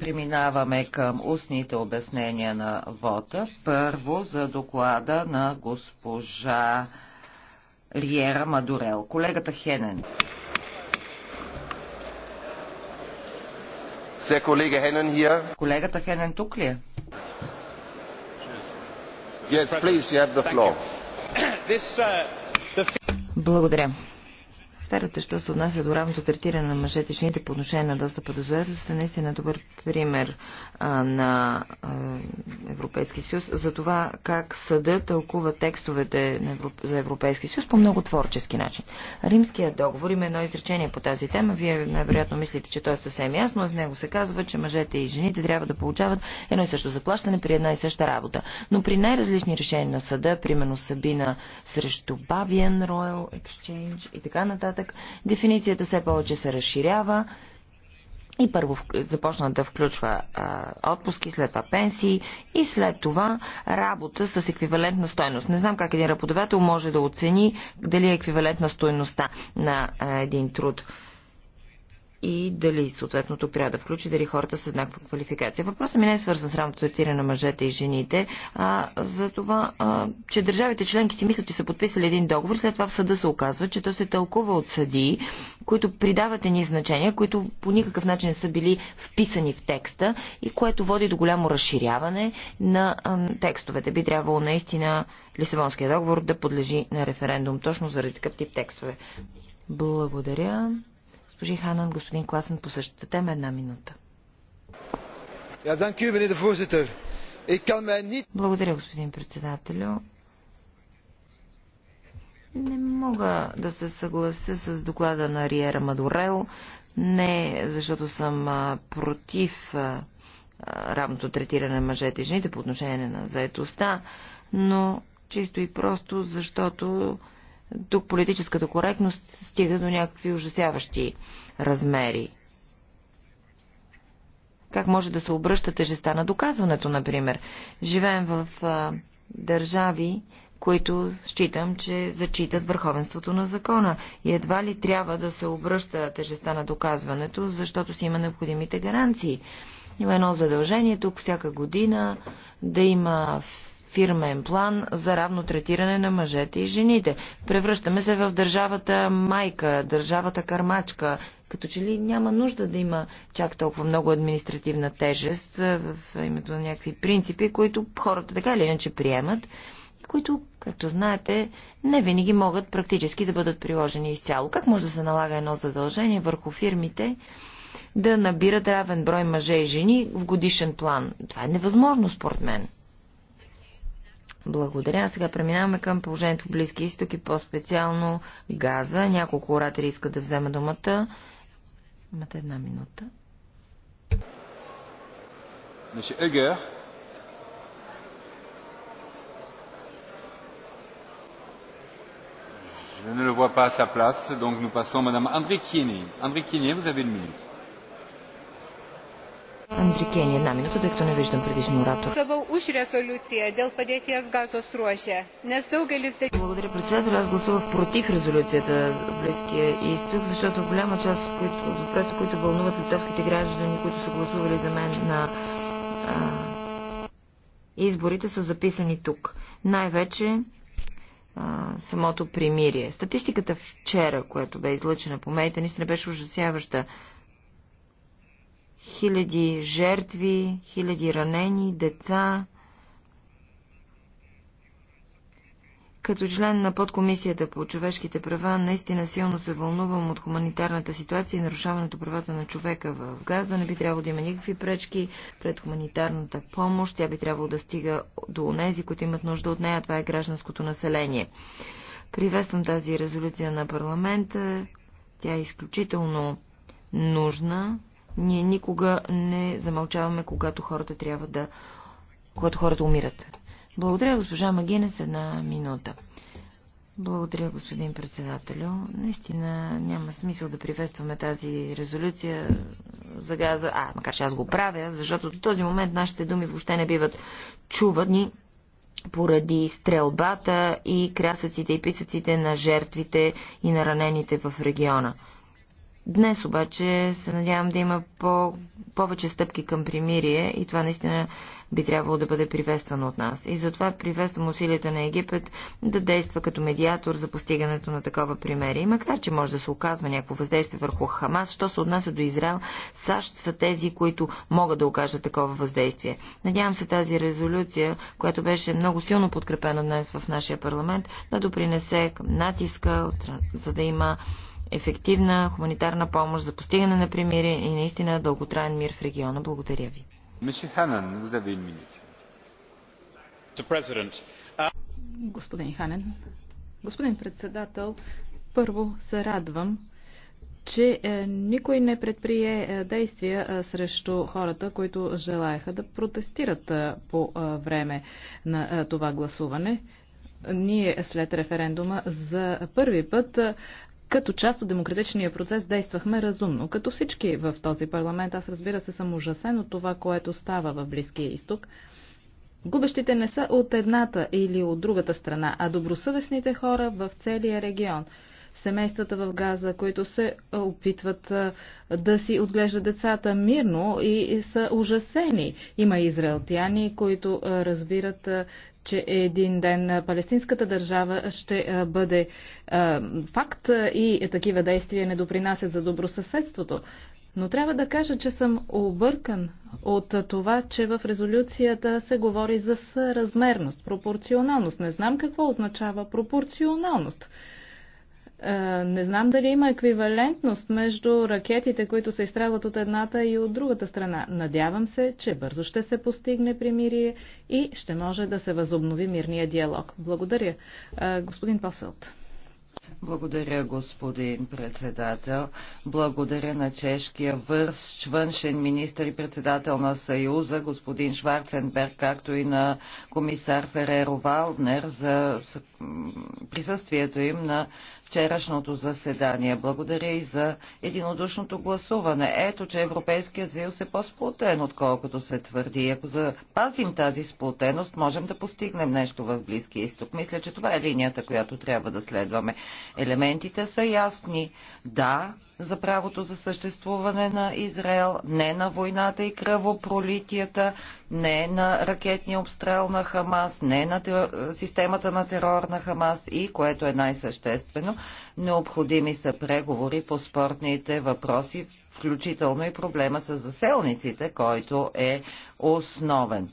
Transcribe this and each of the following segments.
Преминаваме към устните обяснения на вота. Първо за доклада на госпожа Риера Мадурел. Колегата Хенен. Колега Хенен Колегата Хенен тук ли е? Yes, please, you have the... Uh, Благодаря сферата, що се отнася до равното третиране на мъжете и жените по отношение на достъпа до заедост, са е наистина добър пример а, на а, Европейски съюз за това как съда тълкува текстовете на Европ... за Европейски съюз по много творчески начин. Римският договор има едно изречение по тази тема. Вие най-вероятно мислите, че то е съвсем ясно. В него се казва, че мъжете и жените трябва да получават едно и също заплащане при една и съща работа. Но при най-различни решения на съда, примерно Сабина срещу Бабиен Royal Exchange и така нататък, нататък. Дефиницията все повече се разширява и първо започна да включва а, отпуски, след това пенсии и след това работа с еквивалентна стойност. Не знам как един работодател може да оцени дали е еквивалентна стойността на а, един труд и дали съответно тук трябва да включи дали хората с еднаква квалификация. Въпросът ми не е свързан с равното третиране на мъжете и жените, а за това, а, че държавите членки си мислят, че са подписали един договор, след това в съда се оказва, че то се тълкува от съдии, които придават едни значения, които по никакъв начин не са били вписани в текста и което води до голямо разширяване на а, текстовете. Би трябвало наистина Лисабонския договор да подлежи на референдум точно заради такъв тип текстове. Благодаря госпожи Ханан, господин Класен по същата тема една минута. Благодаря, господин председателю. Не мога да се съглася с доклада на Риера Мадорел, не защото съм против равното третиране на мъжете и жените по отношение на заетостта, но чисто и просто защото тук политическата коректност стига до някакви ужасяващи размери. Как може да се обръща тежеста на доказването, например? Живеем в а, държави, които считам, че зачитат върховенството на закона. И едва ли трябва да се обръща тежеста на доказването, защото си има необходимите гаранции. Има едно задължение тук всяка година да има фирмен план за равно третиране на мъжете и жените. Превръщаме се в държавата майка, държавата кармачка. Като че ли няма нужда да има чак толкова много административна тежест е, в името на някакви принципи, които хората така или иначе приемат и които, както знаете, не винаги могат практически да бъдат приложени изцяло. Как може да се налага едно задължение върху фирмите, да набират равен брой мъже и жени в годишен план. Това е невъзможно, според мен. Благодаря. Сега преминаваме към положението в Близки изток и по-специално Газа. Няколко оратори искат да взема думата. Имате една минута. Monsieur je ne le vois pas à sa place donc nous passons à mme andrikien. andrikien vous avez une minute. Андрикени. Една минута, тъй като не виждам предишния оратор. Благодаря, председател. Аз гласувах против резолюцията за Близкия изток, защото голяма част от, които, които вълнуват литовските граждани, които са гласували за мен на а, изборите, са записани тук. Най-вече самото примирие. Статистиката вчера, която бе излъчена по медиите, наистина беше ужасяваща хиляди жертви, хиляди ранени, деца. Като член на подкомисията по човешките права, наистина силно се вълнувам от хуманитарната ситуация и нарушаването правата на човека в Газа. Не би трябвало да има никакви пречки пред хуманитарната помощ. Тя би трябвало да стига до онези, които имат нужда от нея. Това е гражданското население. Приветствам тази резолюция на парламента. Тя е изключително нужна, ние никога не замълчаваме, когато хората трябва да... когато хората умират. Благодаря, госпожа Магинес, една минута. Благодаря, господин председателю. Наистина няма смисъл да приветстваме тази резолюция за газа, а макар че аз го правя, защото до този момент нашите думи въобще не биват чувани поради стрелбата и крясъците и писъците на жертвите и на ранените в региона. Днес обаче се надявам да има по, повече стъпки към примирие и това наистина би трябвало да бъде приветствано от нас. И затова приветствам усилията на Египет да действа като медиатор за постигането на такова примерие. И макар, че може да се оказва някакво въздействие върху Хамас, що се отнася до Израел, САЩ са тези, които могат да окажат такова въздействие. Надявам се тази резолюция, която беше много силно подкрепена днес в нашия парламент, да допринесе към натиска, за да има ефективна хуманитарна помощ за постигане на примири и наистина дълготраен мир в региона. Благодаря ви. Господин Ханен, господин председател, първо се радвам, че е, никой не предприе е, действия е, срещу хората, които желаяха да протестират по време на това гласуване. Ние след референдума за първи път като част от демократичния процес действахме разумно. Като всички в този парламент, аз разбира се съм ужасен от това, което става в Близкия изток. Губещите не са от едната или от другата страна, а добросъвестните хора в целия регион – семействата в Газа, които се опитват да си отглеждат децата мирно и са ужасени. Има израелтяни, които разбират, че един ден палестинската държава ще бъде факт и такива действия не допринасят за добросъседството. Но трябва да кажа, че съм объркан от това, че в резолюцията се говори за съразмерност, пропорционалност. Не знам какво означава пропорционалност. Е, не знам дали има еквивалентност между ракетите, които се изстрелват от едната и от другата страна. Надявам се, че бързо ще се постигне примирие и ще може да се възобнови мирния диалог. Благодаря. Е, господин Посълт. Благодаря, господин председател. Благодаря на чешкия върс, чвъншен министр и председател на Съюза, господин Шварценберг, както и на комисар Фереро Валднер за присъствието им на вчерашното заседание. Благодаря и за единодушното гласуване. Ето, че Европейският съюз е по-сплутен, отколкото се твърди. Ако запазим тази сплутеност, можем да постигнем нещо в Близкия изток. Мисля, че това е линията, която трябва да следваме. Елементите са ясни. Да, за правото за съществуване на Израел, не на войната и кръвопролитията, не на ракетния обстрел на Хамас, не на тер... системата на терор на Хамас и, което е най-съществено, необходими са преговори по спортните въпроси, включително и проблема с заселниците, който е основен.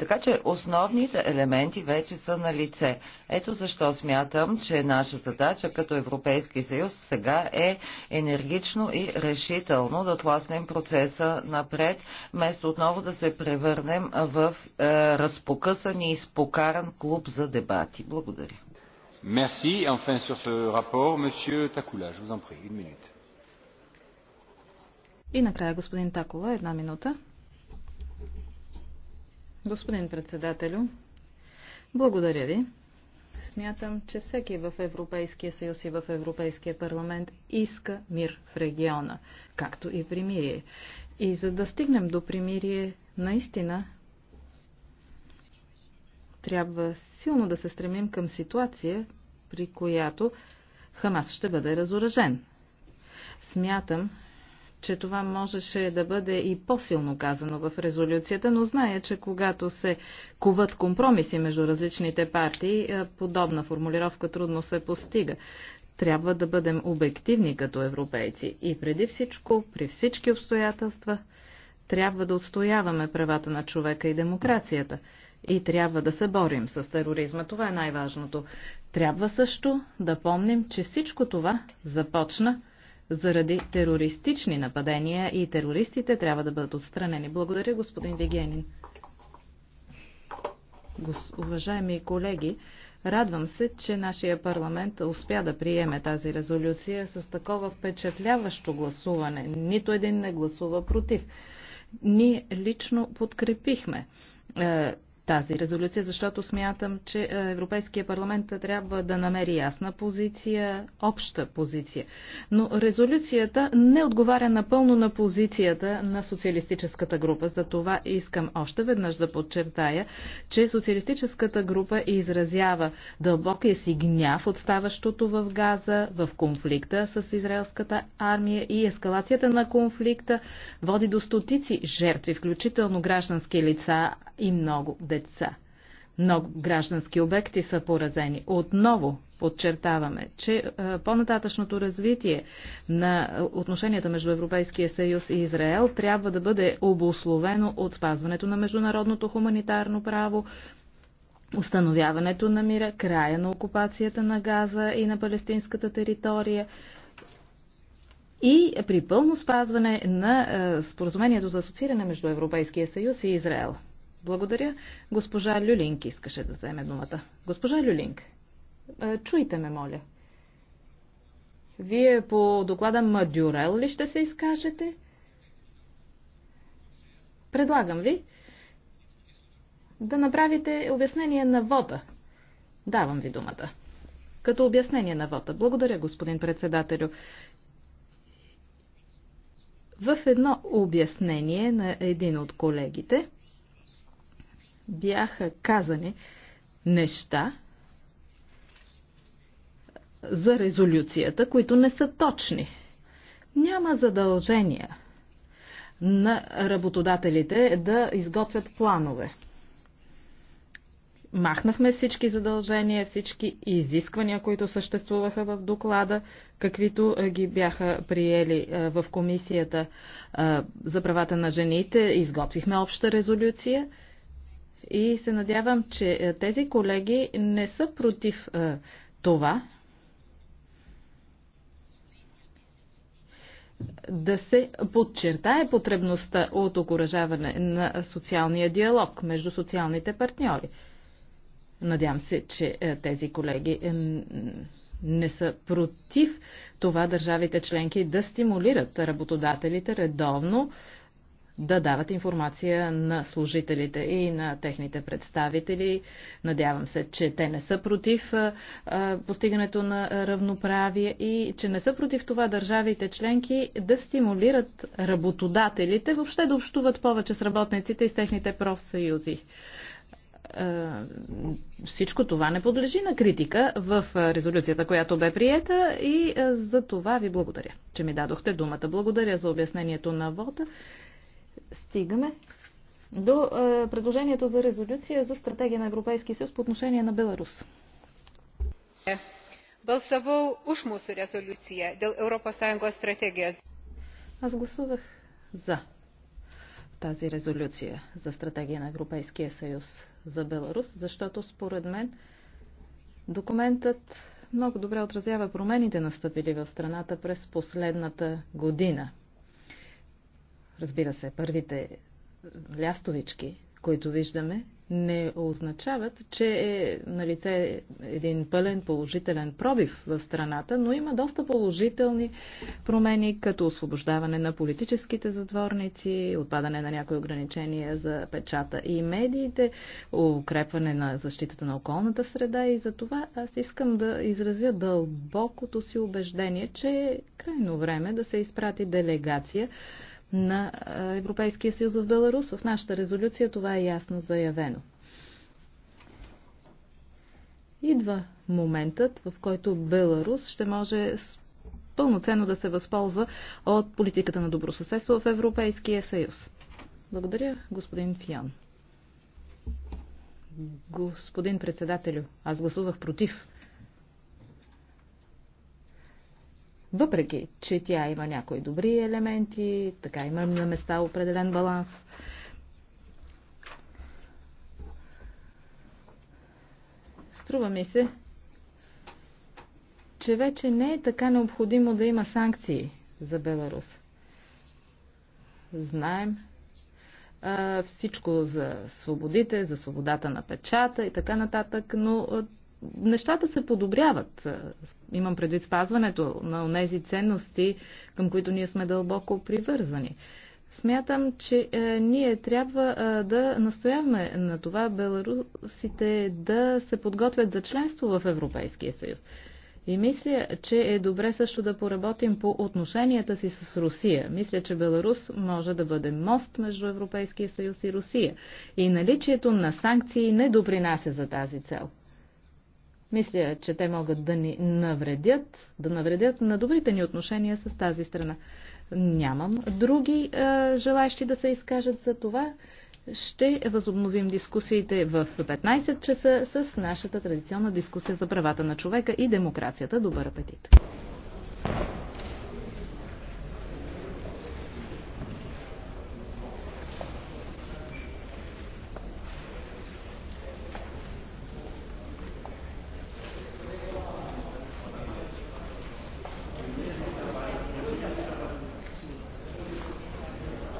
Така че основните елементи вече са на лице. Ето защо смятам, че наша задача като Европейски съюз сега е енергично и решително да тласнем процеса напред, вместо отново да се превърнем в е, разпокъсан и изпокаран клуб за дебати. Благодаря. Merci. Enfin, sur ce rapport, Monsieur Takula, je vous en prie, une minute. И накрая господин Такова, една минута. Господин председателю, благодаря ви. Смятам, че всеки в Европейския съюз и в Европейския парламент иска мир в региона, както и примирие. И за да стигнем до примирие, наистина трябва силно да се стремим към ситуация, при която Хамас ще бъде разоръжен. Смятам, че това можеше да бъде и по-силно казано в резолюцията, но зная, че когато се куват компромиси между различните партии, е, подобна формулировка трудно се постига. Трябва да бъдем обективни като европейци и преди всичко, при всички обстоятелства, трябва да отстояваме правата на човека и демокрацията. И трябва да се борим с тероризма. Това е най-важното. Трябва също да помним, че всичко това започна заради терористични нападения и терористите трябва да бъдат отстранени. Благодаря, господин Вигенин. Гос... Уважаеми колеги, радвам се, че нашия парламент успя да приеме тази резолюция с такова впечатляващо гласуване. Нито един не гласува против. Ние лично подкрепихме е, тази резолюция, защото смятам, че е, Европейския парламент трябва да намери ясна позиция, обща позиция. Но резолюцията не отговаря напълно на позицията на социалистическата група. За това искам още веднъж да подчертая, че социалистическата група изразява дълбокия си гняв от ставащото в Газа, в конфликта с израелската армия и ескалацията на конфликта води до стотици жертви, включително граждански лица и много деца. Много граждански обекти са поразени. Отново подчертаваме, че е, по-нататъчното развитие на отношенията между Европейския съюз и Израел трябва да бъде обословено от спазването на международното хуманитарно право, установяването на мира, края на окупацията на Газа и на палестинската територия и при пълно спазване на е, споразумението за асоцииране между Европейския съюз и Израел. Благодаря. Госпожа Люлинг искаше да вземе думата. Госпожа Люлинг, е, чуйте ме, моля. Вие по доклада Мадюрел ли ще се изкажете? Предлагам ви да направите обяснение на вода. Давам ви думата. Като обяснение на вода. Благодаря, господин председателю. В едно обяснение на един от колегите – бяха казани неща за резолюцията, които не са точни. Няма задължения на работодателите да изготвят планове. Махнахме всички задължения, всички изисквания, които съществуваха в доклада, каквито ги бяха приели в комисията за правата на жените. Изготвихме обща резолюция и се надявам, че е, тези колеги не са против е, това да се подчертае потребността от окоръжаване на социалния диалог между социалните партньори. Надявам се, че е, тези колеги не са против това държавите членки да стимулират работодателите редовно да дават информация на служителите и на техните представители. Надявам се, че те не са против постигането на равноправие и че не са против това държавите членки да стимулират работодателите въобще да общуват повече с работниците и с техните профсъюзи всичко това не подлежи на критика в резолюцията, която бе приета и за това ви благодаря, че ми дадохте думата. Благодаря за обяснението на вода стигаме до е, предложението за резолюция за стратегия на Европейския съюз по отношение на Беларус. Balsavau už резолюция rezoliuciją dėl ES Аз гласувах за тази резолюция за стратегия на Европейския съюз за Беларус, защото според мен документът много добре отразява промените настъпили в страната през последната година. Разбира се, първите лястовички, които виждаме, не означават, че е на лице един пълен положителен пробив в страната, но има доста положителни промени, като освобождаване на политическите затворници, отпадане на някои ограничения за печата и медиите, укрепване на защитата на околната среда и за това аз искам да изразя дълбокото си убеждение, че е крайно време да се изпрати делегация на Европейския съюз в Беларус. В нашата резолюция това е ясно заявено. Идва моментът, в който Беларус ще може пълноценно да се възползва от политиката на добросъседство в Европейския съюз. Благодаря, господин Фион. Господин председателю, аз гласувах против въпреки че тя има някои добри елементи, така има на места определен баланс. Струва ми се, че вече не е така необходимо да има санкции за Беларус. Знаем а, всичко за свободите, за свободата на печата и така нататък, но нещата се подобряват. Е, имам предвид спазването на тези ценности, към които ние сме дълбоко привързани. Смятам, че е, ние трябва е, да настояваме на това беларусите да се подготвят за членство в Европейския съюз. И мисля, че е добре също да поработим по отношенията си с Русия. Мисля, че Беларус може да бъде мост между Европейския съюз и Русия. И наличието на санкции не допринася за тази цел. Мисля, че те могат да ни навредят, да навредят на добрите ни отношения с тази страна. Нямам други е, желащи да се изкажат за това. Ще възобновим дискусиите в 15 часа с нашата традиционна дискусия за правата на човека и демокрацията. Добър апетит!